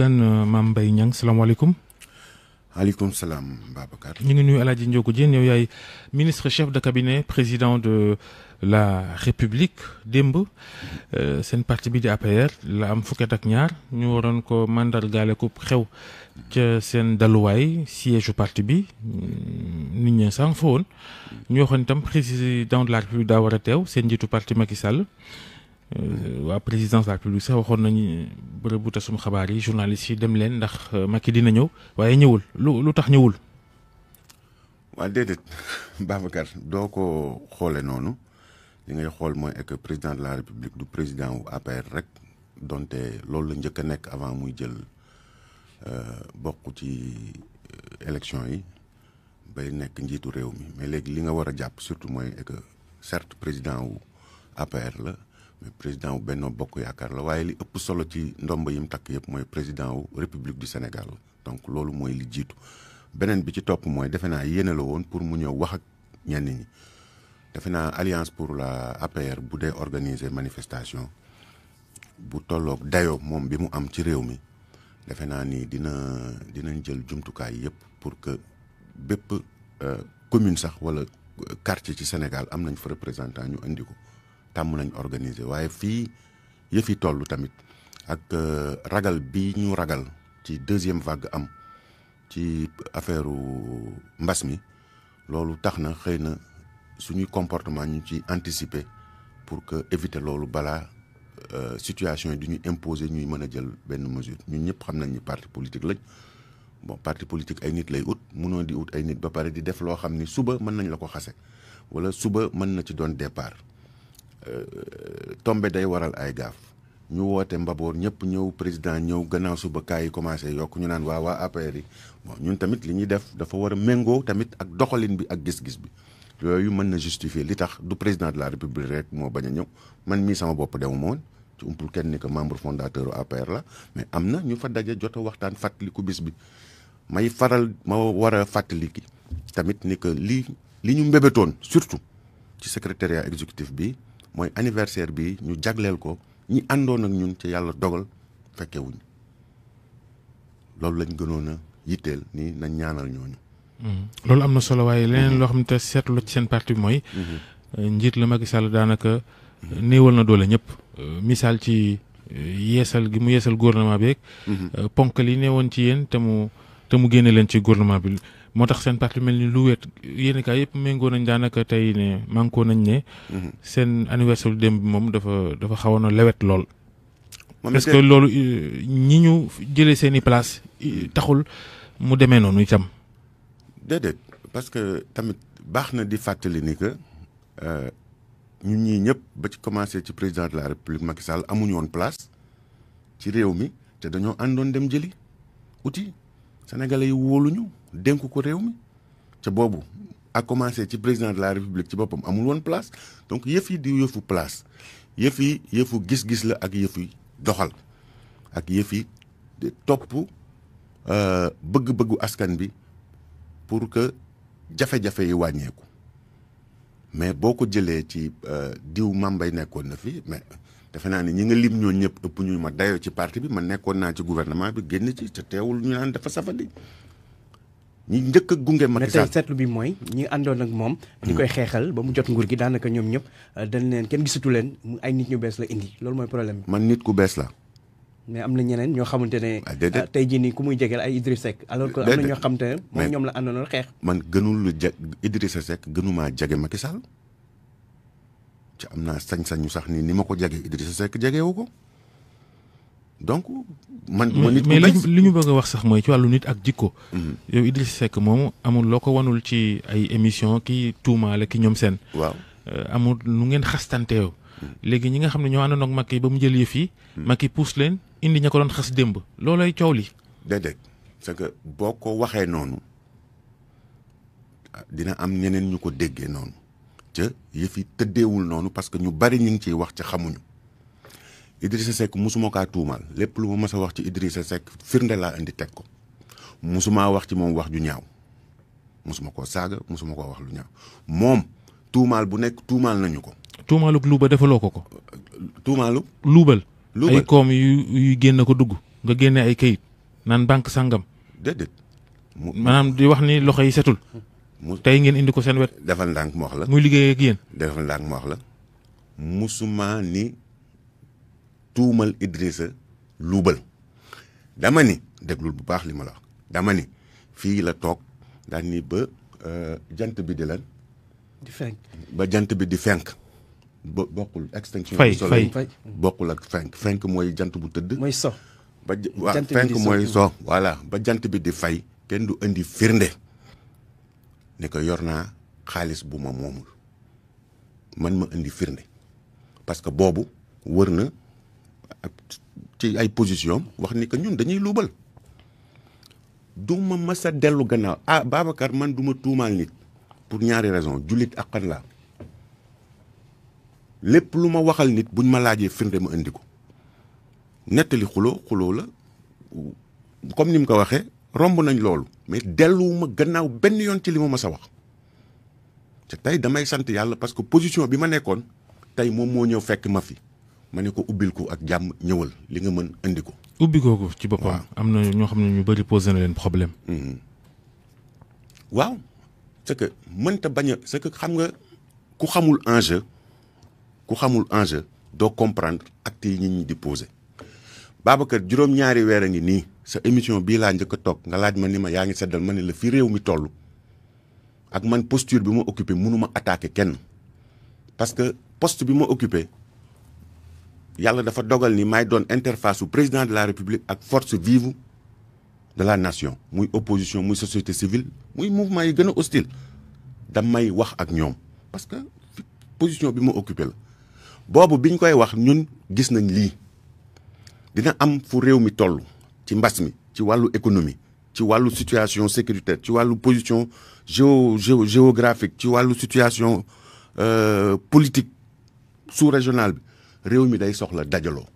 Euh, Mame Mbaye Niang salaamaaleykum. maaleykum salaam Babacar. ñu ngi nuyu El Hadj Ndiogou Diène yow yaay ministre chef de cabinet président de la République démb euh, seen parti bi di APR la am fukket ak ñaar ñu waroon ko mandargaale ko xew ca seen daluwaay siège parti bi mm, nit ñi sànq fa woon ñu waxoon itam président de la République daa war a teew seen njiitu parti Macky Sall. Euh, waa président de la République sax waxoon nañu bërëb bu tasum xabaar yi journaliste yi dem leen ndax euh, makki dina ñëw waaye ñëwul lu tax ñëwul. waa déedéet Babacar doo ko xoolee noonu li ngay xool mooy que président de la République du président wu APR rek donte loolu la njëkk a nekk avant muy jël euh, bokk ci élection yi bay nekk njiitu réew mi mais léegi li nga war a jàpp surtout mooy que certes président wu APR la. mais président wu Benno Bokk Yaakaar la waaye li ëpp solo ci ndomb yi mu takk yëpp mooy président wu République du Sénégal donc loolu mooy li jiitu beneen bi ci topp mooy defe naa yéene la woon pour mu ñëw wax ak ñenn ñi defe naa alliance pour la APR bu dee organiser manifestation bu tolloog dayo moom bi mu am ci réew mi defe naa ni dina dinañ jël jumtukaay yëpp pour que bépp euh, commune sax wala quartier ci Sénégal am nañ fa représentant ñu indi ko tàmm nañ organiser waaye fii yëf yi toll tamit ak euh, ragal bii ñu ragal ci deuxième vague am ci affaire mbas mi loolu tax na xëy na suñuy comportement ñu ci anticiper pour que éviter loolu balaa euh, situation yi du ñu imposer ñuy mën a jël benn mesure ñun ñëpp xam nañ ni parti politique lañ bon parti politique ay nit lay ut munoo di ut ay nit ba pare di def loo xam ni suba mën nañ la ko xase wala suba mën na ci doon départ Euh, tombe day waral ay gaaf ñu woote mbaboor ñëpp ñëw président ñëw gannaaw suba kaay yi commencé yokk ñu naan waawaa appaire APR yi bon ñun tamit li ñuy def dafa war mengoo tamit ak doxalin bi ak gis-gis bi yooyu mën na justifier li tax du président de la république rek moo bañ a ñëw man mii sama bopp dem moon ci umpul kenn ni que membre fondateur APR la mais am na ñu fa daje jot a waxtaan fàttaliku bis bi may faral ma war a ki tamit ni que li li ñu mbébétoon surtout ci secrétariat exécutif bi mooy anniversaire bi ñu jagleel ko ñi àndoon ak ñun ci yàlla dogal fekke loolu lañ gënoon a yitteel ni nañ ñaanal ñooñu. Mm-hmm. loolu am na solo waaye leneen loo xam te seetlu ci seen parti mooy. Mm-hmm. Euh, njiit la Macky Sall daanaka. Mm-hmm. néewal na doole ñëpp. Euh, misaal ci euh, yeesal gi mu yeesal gouvernement bi rek. ponk li woon ci yéen te mu te mu génne leen ci gouvernement bi. moo tax seen parti mel ni lu wet yéen kaa yëpp méngoo nañ daanaka tey ne mànkoo nañ ne. Mhm. seen anniversaire dem moom dafa dafa xawoon a lewet lool. parce que loolu euh, ñi ñu jëlee seen i place euh, taxul mu demee noonu itam. déedéet parce que tamit baax na di fàttali ni que euh, ñun ñii ñëpp ba ci commencé ci président de la république Macky Sall amuñu woon place ci réew mi te dañoo àndoon dem jëli uti sénégalais yi wóoluñu. dénk ko réew mi ca boobu ak commencé ci président de la république ci boppam amul woon place donc yëf yi di yëfu place yëf yi gis-gis la ak yëf doxal ak yëf yi topp euh, bëgg-bëggu askan bi pour que jafe-jafe yi wàññeeku mais boo ko jëlee ci euh, diw mambay nekkoon na fi mais defe naa ni ñi nga lim ñoo ñëpp ëpp ñu ma dayoo ci parti bi man nekkoon naa ci gouvernement bi génn ci te teewul ñu naan dafa safadi ñi njëkk gunge Macky Sall tey seetlu bi mooy ñi àndoon ak moom di koy xeexal ba mu jot nguur gi daanaka ñoom ñëpp euh, dañ leen kenn gisatu leen ay nit ñu bees la indi loolu mooy problème bi man nit ku bees la mais am na ñeneen ñoo xamante ne ah, euh, tey jii nii ku muy jegeel ay Idriss Seck alors que am na ñoo xamante ne moom ñoom la àndoon xeex man gënul lu ja Idriss Seck gënumaa jege Macky Sall am naa sañ-sañu sax ni ni ma ko jege Idriss Seck jegewu ko donc man. ma nit mais li ñu bëgg a wax sax mooy ci wàllu nit ak jikko. Mm-hmm. yow Idriss Seck moom amul loo ko wanul ci ay émission ki tuumaale ki ñoom seen. waaw euh, amul nu ngeen xastanteew. Mm-hmm. léegi ñi nga xam ne ñoo àndoon ak yi ba mu jël yëf yi. Mm-hmm. Macky puus leen indi ña ko doon xas démb loolu loolay coow li. déedéet c'est que boo ko waxee noonu ah, dina am ñeneen ñu ko déggee noonu ca yëf yi tëddeewul noonu parce que ñu bari ñu ngi ciy wax ci xamuñu. Idrissa Seck mosuma kaa tuumaal lépp lu ma mos a wax ci Idrissa Seck firnde laa indi teg ko mosumaa wax ci moom wax ju ñaaw mosuma koo saaga mosuma koo wax lu ñaaw moom tuumaal bu nekk tuumaal nañu ko. tuumaalug luuba defaloo ko ko. tuumaalu. luubal. luubal ay koom yu génn ko dugg nga génne ay kayit naan banque sangam. déedéet. maanaam di wax ni loxo yi setul. tey ngeen indi ko seen wet. defal ndànk ma wax la. muy liggéey ak yéen. defal ndànk ma wax la. musuma tuumal Idrissa luubal dama ni déglul bu baax li ma la wax dama ni fii la toog daan ni ba euh, jant bi di lan. ba jant bi di fenk. bo bokkul extinction. fay bokkul ak fenk mooy jant bu tëdd. mooy so ba waaw fenk mooy ba jant bi di fay kenn du indi firnde ne ko yor naa xaalis bu ma moomul man ma indi firnde parce que boobu wër na. ci ay position wax ni que ñun dañuy luubal du ma mës dellu gannaaw ah Babacar man du ma tuumaal nit pour ñaari raison jullit ak xan lépp lu ma waxal nit buñ ma laajee firnde ma indi ko nettali xuloo xuloo la comme ni mu ko waxee romb nañ loolu mais delluwuma gannaaw benn yoon ci li ma mës a wax te tey damay sant yàlla parce que position bi ma nekkoon tey moom moo ñëw fekk ma fi ma ne ko ubbil ko ak jàmm ñëwal li nga mën indi ko. ubbi googu ci boppam. am na ñoo xam ne ñu bëri posé na leen problème. Mm-hmm. waaw c'est que mënta bañ a c'est xam nga ku xamul enjeu ku xamul enjeu doo comprendre actes yi nit ñi di posé. Babacar juróom-ñaari weer a ngi nii sa émission bii laa njëkk toog nga laaj ma ni ma yaa ngi seddal ma ne la fii réew mi toll ak man posture bi ma occupé mënuma attaqué kenn parce que poste bi ma occupé. yàlla dafa dogal ni maay doon interface président de la république ak force vive de la nation muy opposition muy société civile muy mouvement yi gën a hostile damay wax ak ñoom parce que position bi ma occupé boobu biñ koy wax ñun gis nañ lii dina am fu réew mi toll ci mbas mi ci wàllu économie ci wàllu situation sécuritaire ci wàllu position géo géographique ci wàllu situation euh, politique su régionale bi réew mi day soxla dajaloo.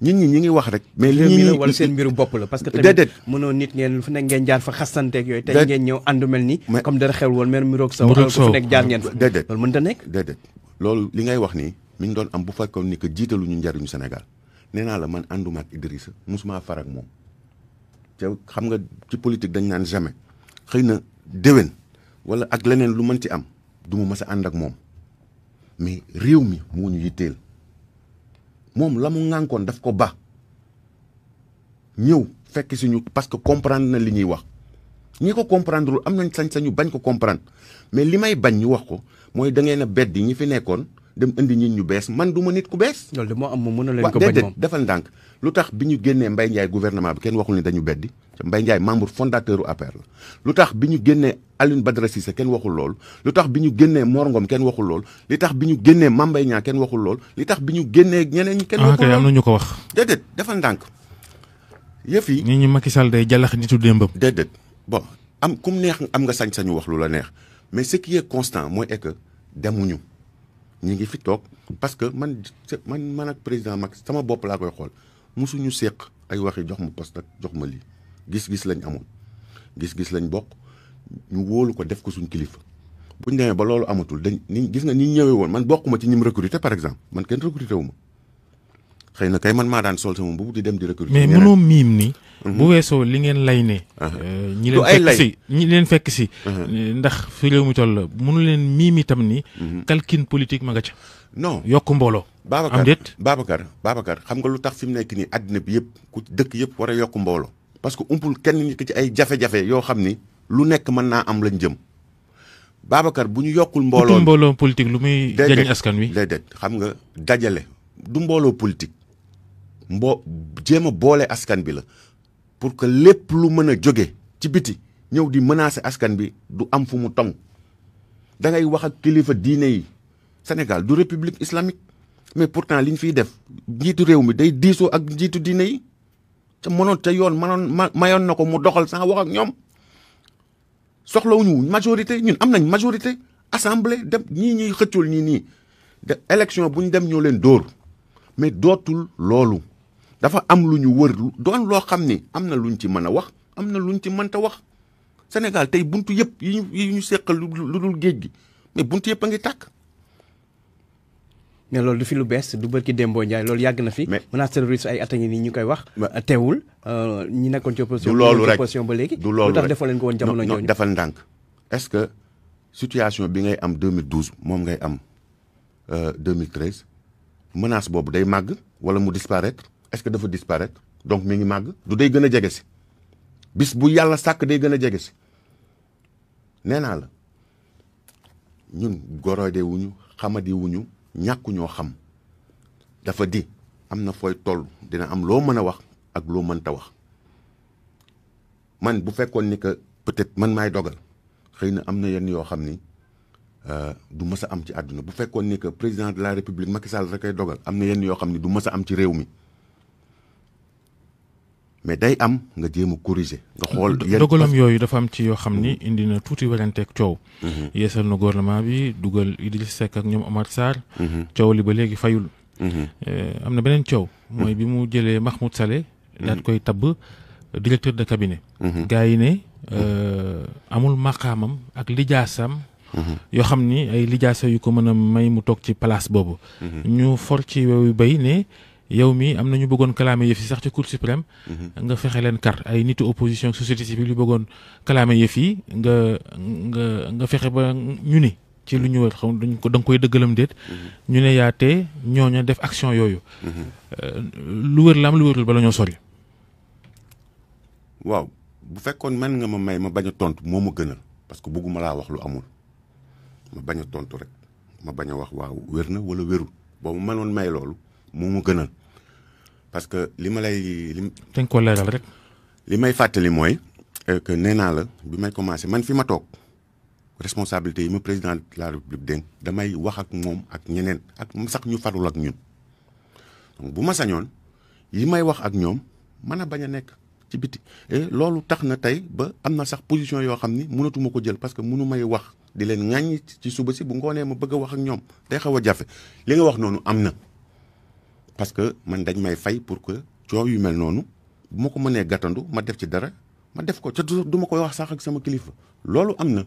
ñun ñi ñi ngi wax rek. mais réew wala seen mbiru bopp la parce que tamit mënoo nit ngeen lu fu nekk ngeen jaar fa xasanteeg yooyu. tey ngeen ñëw àndu mel ni. comme dara xew woon mer miroog sa waxal ko fu nekk jaar ngeen fa. déedéet loolu mënta nekk. déedéet loolu li ngay wax nii mi ngi doon am bu fekkoon ni que ñu njariñu Sénégal nee naa la man ànduma ak Idrissa musuma far ak moom te xam nga ci politique dañ naan jamais xëy na déwén wala ak leneen lu mën ci am du mu mës a ànd ak moom mais réew mi moo ñu yitteel moom la mu ŋànkoon daf ko ba ñëw fekk si ñu parce que comprendre na li ñuy wax ñi ko comprendrewul am nañ sañ-sañu bañ ko comprendre mais li may bañ ñu wax ko mooy da ngeen a beddi ñi fi nekkoon dem indi nit ñu bees man du ma nit ku bees. loolu de moo am mu mën a leen ko moom defal ndànk lu tax bi ñu génnee Mbaye Ndiaye gouvernement bi kenn waxul ni dañu beddi Mbaye Ndiaye membre fondateur u APR la. lu tax bi ñu génnee Alioune Badara Cissé kenn waxul loolu lu tax bi ñu génnee Mor Ngom kenn waxul lool li tax bi ñu génnee Mame Mbaye Niang kenn waxul lool li tax bi ñu génnee ñeneen ñi. kenn ah, waxul lool ah am na ñu ko wax. déedéet defal ndànk yi. ñi ñu Macky Sall day jàllax nitu démbam. déedéet bon am kum neex am nga sañ-sañu wax lu la neex mais ce qui est constant mooy que demuñu ñi ngi fi toog parce que man man man ak président Macky sama bopp laa koy xool musuñu seq ay waxi jox ma poste ak jox ma lii gis-gis lañ amoon gis-gis lañ bokk ñu wóolu ko def ko suñ kilifa buñ demee ba loolu amatul dañ ni gis nga ni ñëwee woon man bokkuma ci ñim recruter par exemple man kenn recruter wu ma xëy na kay man maa daan sol sama mbubu di dem di recruter. mais mënoo miim nii mhm. bu weesoo li ngeen lay ne. Ah. Euh, ñi leen fekk si ñi leen fekk si. Mhm. ndax fi réew mi toll mënu leen miim itam ni. Mhm. calcul politique ma nga ca. non yokk mbooloo. am Babacar Babacar xam nga lu tax fi mu nekk nii àddina bi yëpp ku dëkk yëpp war a yokk mbooloo. parce que umpul kenn nit ki ci ay jafe-jafe yoo xam ni lu nekk mën naa am lañ jëm. Babacar bu ñu yokkul mbooloo. mbooloo politique lu muy. jañ askan wi lay déedéet xam nga dajale du mbooloo politique. mbo jéem a boole askan bi la pour que lépp lu mën a jóge ci biti ñëw di mën menacer askan bi du am fu mu tong da ngay wax ak kilifa diine yi Sénégal du république islamique mais pourtant li ñu fiy def njiitu réew mi day diisoo ak njiitu diine yi te mënoon te yoon mënoon ma mayoon na ko mu doxal sans wax ak ñoom soxlawuñu majorité ñun am nañ majorité assemblée dem ñii ñuy xëccul ñii nii de élection bu ñu dem ñoo leen dóor mais dootul loolu dafa am lu ñu wër doon loo xam ni am na lu ñu ci mën a wax am na lu ñu ci mënta wax Sénégal tey buntu yëpp yi ñu yi ñu seqal lu dul géej gi mais buntu yëpp a ngi tàkk. mais loolu fi lu bees du bërki Dembo Ndiaye loolu yàgg na fi. mais menace terroriste ay at a ñu koy wax. Euh, teewul euh, ñi nekkoon ci opposition. du loolu rek ba léegi. du loolu rek lu tax defoo leen ko woon jamono jooju. defal ndànk est-ce que situation bi ngay am 2012 moom ngay am 2013 euh, menace boobu day màgg wala mu disparaître. est-ce que dafa disparaître donc mi ngi màgg du day gën a jege si bis bu yàlla sàkk day gën a jege si nee naa la ñun gorode wuñu xamadi wuñu ñàkku ñoo xam dafa di am na fooy toll dina am loo mën a wax ak loo mënta wax man bu fekkoon ni que peut-être man maay dogal xëy na am na yenn yoo xam ni euh, du mës a am ci àdduna bu fekkoon ni que président de la république Macky Sall ay dogal am na yenn yoo xam ni du mës a am ci réew mi mais day am nga jéem a corriger nga xool dogalam yooyu dafa am ci yoo xam ni indi na tuuti weranteeg coow mhm. yeesal na gouvernement bi dugal Idriss Seck ak ñoom Omar Sarr mhm. coow li ba léegi fayul mhm. eh, am na beneen coow mooy bi mu jëlee Mahmoud Saleh daat koy tab directeur de cabinet gars yi ne eh, amul maqaamam ak lijaasam yoo xam ni ay lijaasa yu ko mën a may mu toog ci place boobu ñu for ci wewu bay ne yow mii am na ñu bëggoon clamé yëf yi sax ci cour suprême. Mhm. nga fexe leen kar ay nitu opposition société civile yu bëggoon clamé yëf yi nga nga nga fexe ba ñu ni ci lu ñu war xam dañ ko da koy dëggalam déet. Mhm. ñu ne yaate tee ñooñu def action yooyu. Mhm. Euh, lu wër la lu wërul bala ñoo sori. waaw bu fekkoon mën nga ma may ma bañ a tontu moo ma gënal parce que bëgguma laa wax lu amul ma bañ a tontu rek ma bañ a wax waaw wér na wala wérul boo ma mënoon may loolu moo ma gënal. parce que li ma lay li. dañ ko leeral rek. li may fàttali mooy euh, que nee naa la bi may commencé man fi ma toog responsabilité yi ma président de la république dénk damay wax ak moom ak ñeneen ak sax ñu farul ak ñun bu ma sañoon yi may wax ak ñoom man a bañ a nekk ci biti. et loolu tax na tey ba am na sax position yoo xam ni mënatuma ko jël parce que mënu may wax di leen ŋàññi ci suba si bu ngoonee ma bëgg a wax ak ñoom day xaw a jafe li nga wax noonu am na. parce que man dañ may fay pour que coow yu mel noonu bu ko mënee gàttandu ma def ci dara ma def ko ca du ma koy wax sax ak sama kilifa loolu am na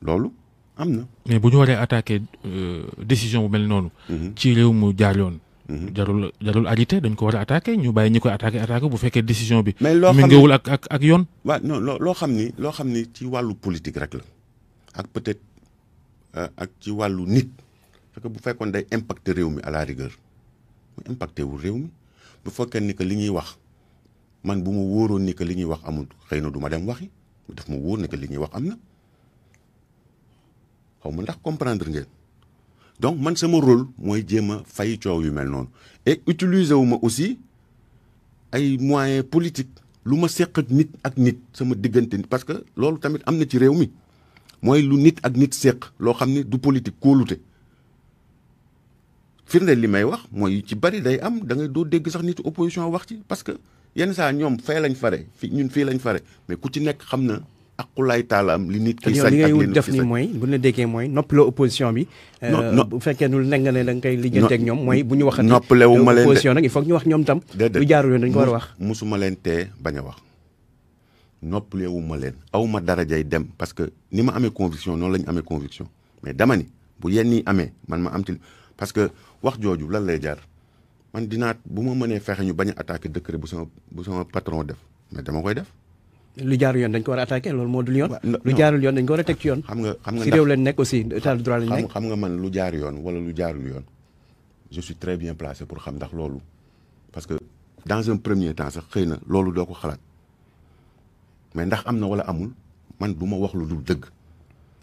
loolu am na. mais bu ñu waree attaqué euh, décision bu mel noonu. Mhm. ci réew mu jaar yoon. Mhm. jarul jarul agité dañ ko war a attaqué ñu bàyyi ñi koy attaqué attaqué bu fekkee décision bi. mais loo xam ne ak ak ak yoon. waaw non loo xam ni loo xam ni ci wàllu politique rek la ak peut-être euh, ak ci wàllu nit. parce que bu fekkoon day impacter réew mi à la rigueur mu impacté réew mi bu fekkee ni que li ñuy wax man bu ma wóoroon ni li ñuy wax amul xëy na du ma dem waxi daf ma wóor ni li ñuy wax am na xaw ma ndax comprendre ngeen donc man sama rôle mooy jéem a fay coow yu mel noonu et utiliser wu ma aussi ay moyens politiques lu ma seq nit ak nit sama diggante parce que loolu tamit am na ci réew mi mooy lu nit ak nit seq loo xam ne du politique kóolute firndeel li may wax mooy ci bari day am da ngay doo dégg sax nit opposition wax ci parce que yenn saa ñoom fay lañ fare fi ñun fii lañ fare mais ku ci nekk xam na aqulaay taalaam li nit ki sañ ni li ngay def ni mooy bu ñu la déggee mooy noppaloo opposition bi euh, bu fekkee nul nekk nga koy lijjante ak ñoom mooy bu ñu waxati noppalewu ma euh, leen opposition nag il faut que ñu wax ñoom tam lu jaarul yoon dañ ko leen tee bañ a wax noppalewu ma leen aw ma darajay dem parce que ni ma amee conviction noonu la ñu amee conviction mais dema ni bu yenn amee man ma am ci parce que wax jooju lan lay jaar man dinaa bu ma mënee fexe ñu bañ a attaqué décret bu sama bu sama patron def mais dama koy def. lu jaar yoon dañ ko war a attaqué loolu moo dul yoon. lu jaarul yoon dañ ko war a teg ci yoon. xam nga xam nga si réew lañ nekk aussi état de droit lañ nekk. xam man lu jaar yoon wala lu jaarul yoon je très bien placé pour xam ndax loolu parce que dans un premier temps sax xëy na loolu doo ko xalaat mais ndax am na wala amul man du ma wax lu du dëgg.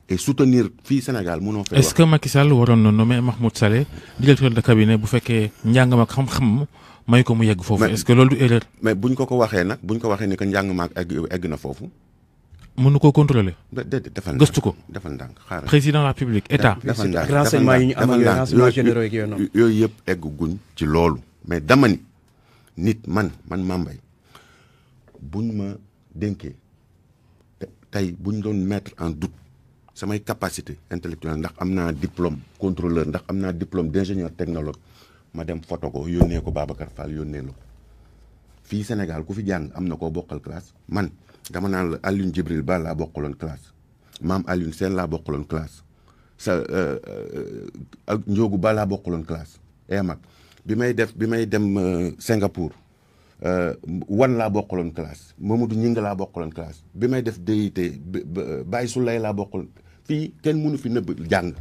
et soutenir fii Sénégal munoo fee wax. est-ce que Macky Sall waroon na nommer Mahmoud Saleh directeur de cabinet bu fekkee njàngam ak xam-xam may ko mu yegg foofu. est-ce que loolu du erreur. mais buñ ko ko waxee nag buñ ko waxee ni que njàng maag egg na foofu. mënu ko contrôler. déedéet defal ndànk gëstu ko. defal ndànk xaaral président de la République état. defal ndànk renseignement yi ñu amal yooyu renseignement généraux yeeg yooyu noonu. yooyu yëpp egg guñ ci loolu. mais dama ni nit man man Mame bu buñ ma dénkee tey buñ doon mettre en doute samay capacité intellectuelle ndax am naa diplôme contrôleur ndax am naa diplôme d'ingénieur technologue ma dem foto ko yónnee ko Babacar Fall yónnee la ko fii Sénégal ku fi jàng am na ko bokkal classe man dama naan la Alioune Djibril Ba laa bokkaloon classe maam Alioune seen laa bokkaloon classe sa euh, euh, ak Njoogu Ba laa bokkaloon classe e eh, mag bi may def bi may dem euh, Singapour wan laa bokkaloon classe du Ñing laa bokkaloon classe bi may def DIT Baye Souley laa bokkaloon fii kenn mënu fi nëbb jàng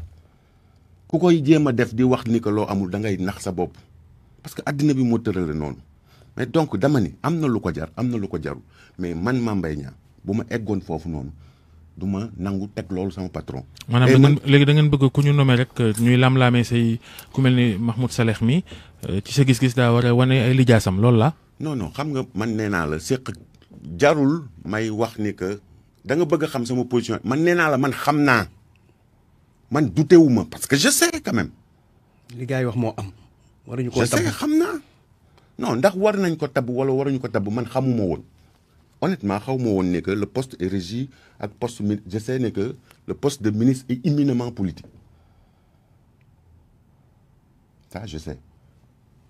ku koy jéem a def di wax ni que loo amul da ngay nax sa bopp parce que àddina bi moo tërale noonu mais donc dama ni am na lu ko jar am na lu ko jarul mais man Mame Mbaye Niang bu ma eggoon foofu noonu du ma nangu teg loolu sama patron. léegi da ngeen bëgg ku ñu nommé rek euh, ñuy lam-laamee say ku mel ni Mahmoud mi euh, ci gis-gis daa wane ay lijaasam loolu la. non xam nga man nee naa la séq jarul may wax ni que da nga bëgg a xam sama position man nee naa la man xam naa man dutewuma parce que je sais quand yi wax moo am. waruñu ko tab je xam naa. non ndax war nañ ko tab wala waruñu ko tab man xamuma woon honnêtement xaw ma woon ne que le poste est régi ak post mi je sais ne que le post de ministre est éminemment politique ça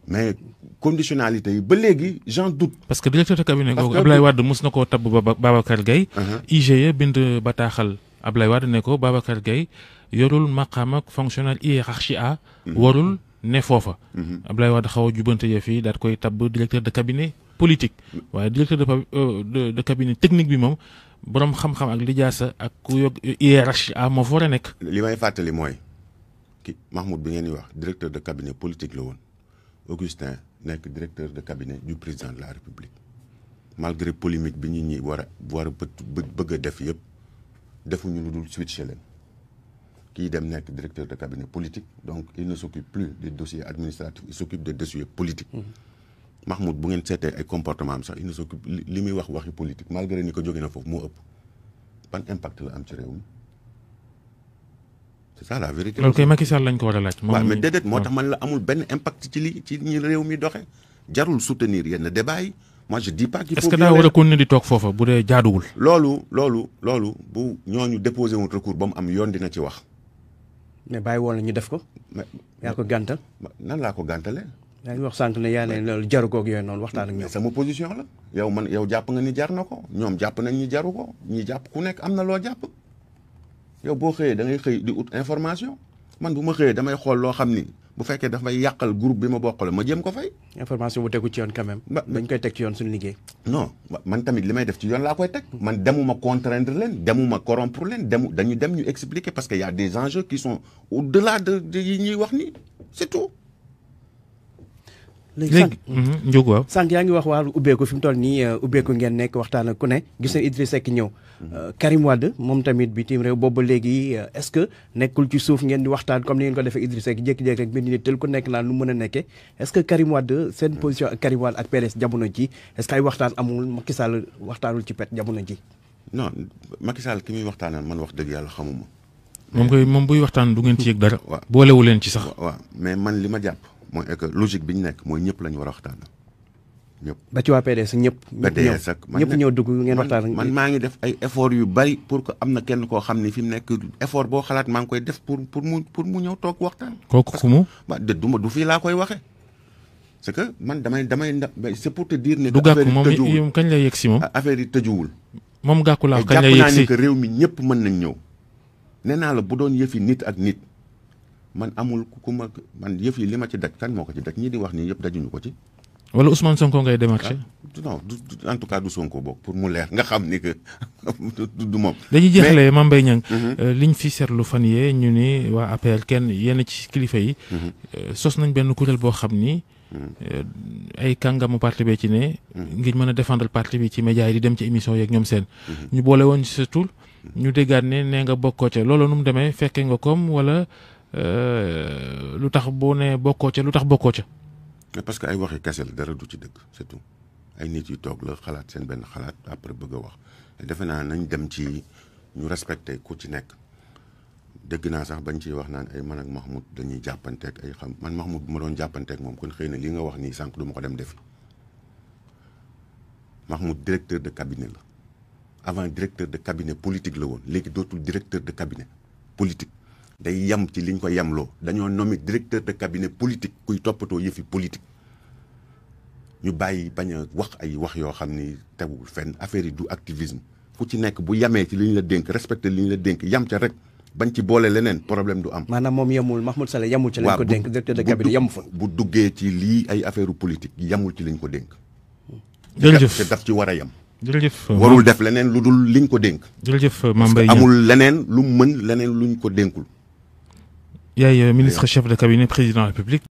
mais conditionnalité yi ba léegi j'en doute. parce que directeur de cabinet googu Ablaye Wade mos na koo tabb Babacar Gueye. Uh-huh. IGE bind bataaxal Ablaye Wade ne ko Babacar Gueye yorul maqaam ak fonctionnel hiérarchie A. Uh-huh. warul ne foofa. Uh-huh. Ablaye Wade xaw a jubante ya fii daal koy tabb directeur de cabinet politique. waaye directeur euh, de de cabinet technique bi moom borom xam-xam ak lijaasa ak ku yog hiérarchie A moo fa war nekk. li may fàttali mooy ki bi ngeen di wax directeur de cabinet woon. Augustin nekk directeur de cabinet du président de la République malgré polémique bi ñu ñi war a war a bëgg def yëpp defuñu lu dul switché leen kii dem nekk directeur de cabinet politique donc il ne s'occupe plus des dossiers administratifs il s'occupe des dossiers politiques mmh. Mahmoud bu ngeen seetee ay comportement am sax il ne s'occupe li muy wax waxi politique malgré ni ko jóge na foofu moo ëpp ban impact la am ci réew mi c'est ça la vérité. loolu kay Macky Sall lañ ko war a laaj. moo tax man la amul benn impact ci li ci ñi réew mi doxe jarul soutenir yenn débat yi moi je dis pas qu'il faut. est-ce que daa war a continuer di toog foofa bu dee jaaduwul. loolu loolu loolu bu ñooñu déposé woon recours ba mu am yoon dina ci wax. mais bàyyi woon la ñu def ko. ma yaa ko gàntal. nan laa ko gàntalee. yaa ngi wax sànq ne yaa ne loolu jaru koog yooyu noonu waxtaan ak ñoom. sama position la yow man yow jàpp nga ni jar na ko ñoom jàpp nañ ñi jaru ko ñi jàpp ku nekk am na loo jàpp. yow boo xëyee da ngay xëy di ut information man bu ma xëyee damay xool loo xam ni bu fekkee dafay yàqal groupe bi ma bokkale ma jéem ko fay. information bu tegu ci yoon quand même. dañ koy teg yoon suñu liggéey. non man tamit li may def ci yoon laa koy teg. man demuma contraindre leen demuma corrompre leen demu dañu dem ñu expliquer parce que y des enjeux qui sont au delà de yi ñuy wax ni c'est léegi mhm, Ndiogou waaw yaa ngi wax waa ubbeeku fi mu toll nii euh, ubbeeku ngeen nekk waxtaan ak ku ne gis na Idrissa ñëw mhm. euh, Karim Wade moom tamit bi bitim réew boobu léegi euh, est-ce que nekkul ci suuf ngeen di waxtaan comme ni ngeen ko defee Idrissa Seck jékki-jékki rek benn nit tel ku nekk naan lu mën a nekkee est-ce que Karim Wade seen mhm. position ak Karim Wade ak PDS jamono ji est-ce que ay waxtaan amul Macky Sall waxtaanul ci pet jamono ji non Macky Sall ki muy waxtaanaan man wax dëgg yàlla xamuma moom koy moom buy waxtaan du ngeen ci yëg dara boolewu leen ci sax waaw mais man li ma jàpp mooy est que logique bi ñu nekk mooy ñëpp la maa ngi def ay effort kenn koo xam ne fi mu nekk effort boo xalaat maa ngi koy def pour pour mu pour mu ñëw toog waxtaan. kooku ku mu parce que du ma du fii laa koy waxee. c'est que man tëjuwul du gàkku moom kañ lay yegg si moom. yi tëjuwul. moom gàkku laa kañ lay yegg si jàpp naa ne que réew mi ñëpp mën nañ ñëw. la bu doon yëfi nit ak nit man amul ku ma man yëf yi li ma ci daj kan moo ko ci daj ñii di wax nii yëpp dajuñu ko ci. wala Ousmane Sonko ngay démarché. Ah, non du en tout cas du Sonko bokk pour mu leer nga xam ni que du moom. dañuy jeexalee Mame Mbaye Niang. Mhm. Euh, liñ fi seetlu fan yee ñu ni waa APR kenn yenn ci kilifa yi. Mhm. Euh, sos nañ benn kuréel boo xam ni. Mhm. Euh, ay kàngamu parti bee ci ne. ngir mën a défendre parti bi ci média yi di dem ci émission yeeg ñoom seen. ñu boole woon ci sa ñu déggaat ne nee nga bokkoo ca loolu nu mu demee fekkee nga koom wala. Euh, lu tax boo nee bokkoo ca lu tax bokkoo ca. parce que ay waxi kese la dara du ci dëgg surtout tout ay nit yu toog la xalaat seen benn xalaat après bëgg a wax te defe naa nañ dem ci ñu respecté ku ci nekk dégg naa sax bañ ciy wax naan ay man ak Mahmoud dañuy jàppanteek ay xam man Mahmoud bu ma doon jàppanteek moom kon xëy na lii nga wax nii sànq du ma ko dem defi Mahmoud directeur de cabinet la avant directeur de cabinet politique la woon léegi dootul directeur de cabinet politique. day yem ci liñ ko yemloo dañoo nommé directeur de cabinet politique kuy toppatoo yëfi politique ñu bàyyi bañ a wax ay wax yoo xam ni tegul fen affaire yi du activisme ku ci nekk bu yamee ci li ñu la dénk respecté li ñu la dénk yam ca rek bañ ci boole leneen problème du am. maanaam moom yemul Mahmoud Saleh yemul ci lañ ko dénk directeur de cabinet yemu fa. bu duggee ci lii ay affaire politique yemul ci liñ ko dénk. jërëjëf te daf ci war a yem. jërëjëf warul def leneen lu dul liñ ko dénk. jërëjëf Mame Mbaye amul leneen lu mën leneen luñ ko dénkul. yaay ministre chef de cabinet président de la